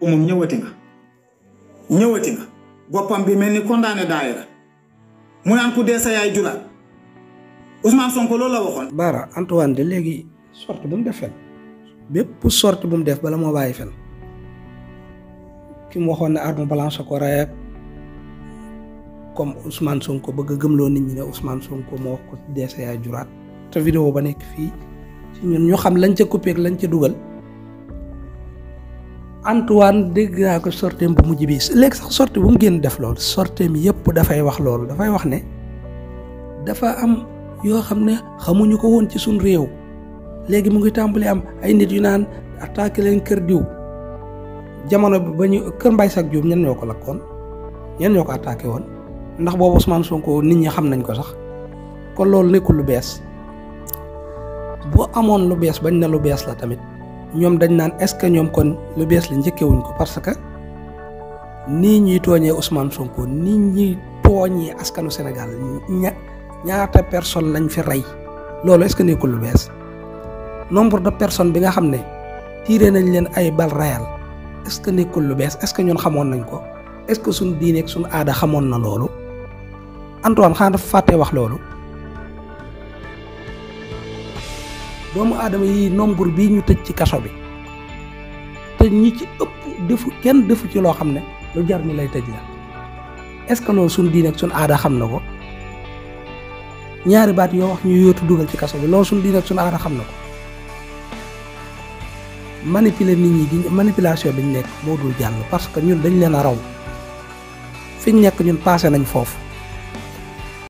umum ñëwati nga ñëwati nga boppam bi mel ni condamné daayira mu naan ku dee sa yaay julaat Ousmane Sonko loolu la waxoon. Baara Antoine de léegi sorte bu mu def fen bépp sorte bu mu def bala moo bàyyi fen ki mu waxoon ne arme blanche ko rey ak comme Ousmane Sonko bëgg a gëmloo nit ñi ne Ousmane Sonko moo wax ko dee yaay juraat te vidéo ba nekk fii ci ñun ñu xam lañ ca coupé ak lañ ca dugal. Antoine dégg naa ko sorteem bu mujj bi léegi sax sorte bu mu génn def loolu sorteem yëpp dafay wax loolu dafay wax ne dafa am yoo xam ne xamuñu ko woon ci suñ réew léegi mu ngi tàmbali am ay nit yu naan attaqué leen kër diw jamono bi ba ñu kër Mbaye Sakh Diop ñen ñoo ko lakkoon ñen ñoo ko attaqué woon ndax boobu Ousmane Sonko nit ñi xam nañ ko sax kon loolu nekkul lu bees bu amoon lu bees bañ na lu bees la tamit. ñoom dañ naan est-ce que ñoom kon lu bees la njëkkewuñ ko parce que nii ñuy tooñee Ousmane Sonko nii ñuy tooñee askanu Sénégal ña ñaata personne lañ fi rey loolu est-ce que nekkul lu bees nombre de personnes bi nga xam ne tiire nañ leen ay bal rayal est-ce que nekkul lu bees est-ce que ñun xamoon nañ ko est-ce que suñ diine ak suñ aada xamoon na loolu Antoine xanaa dafa fàttee wax loolu doomu aadama yi nombre bii ñu tëj ci kaso bi te ñi ci ëpp defu kenn defu ci loo xam ne lu jar ñu lay tëj la est-ce que loolu suñ diine ak suñ aada xam na ko ñaari baat yoo wax ñu yóotu dugal ci kaso bi loolu suñ diine ak suñ aada xam na ko manipuler nit ñi di manipulation bi ñu nekk moo dul jàll parce que ñun dañ leen a raw fi ñu nekk ñun passé nañ foofu.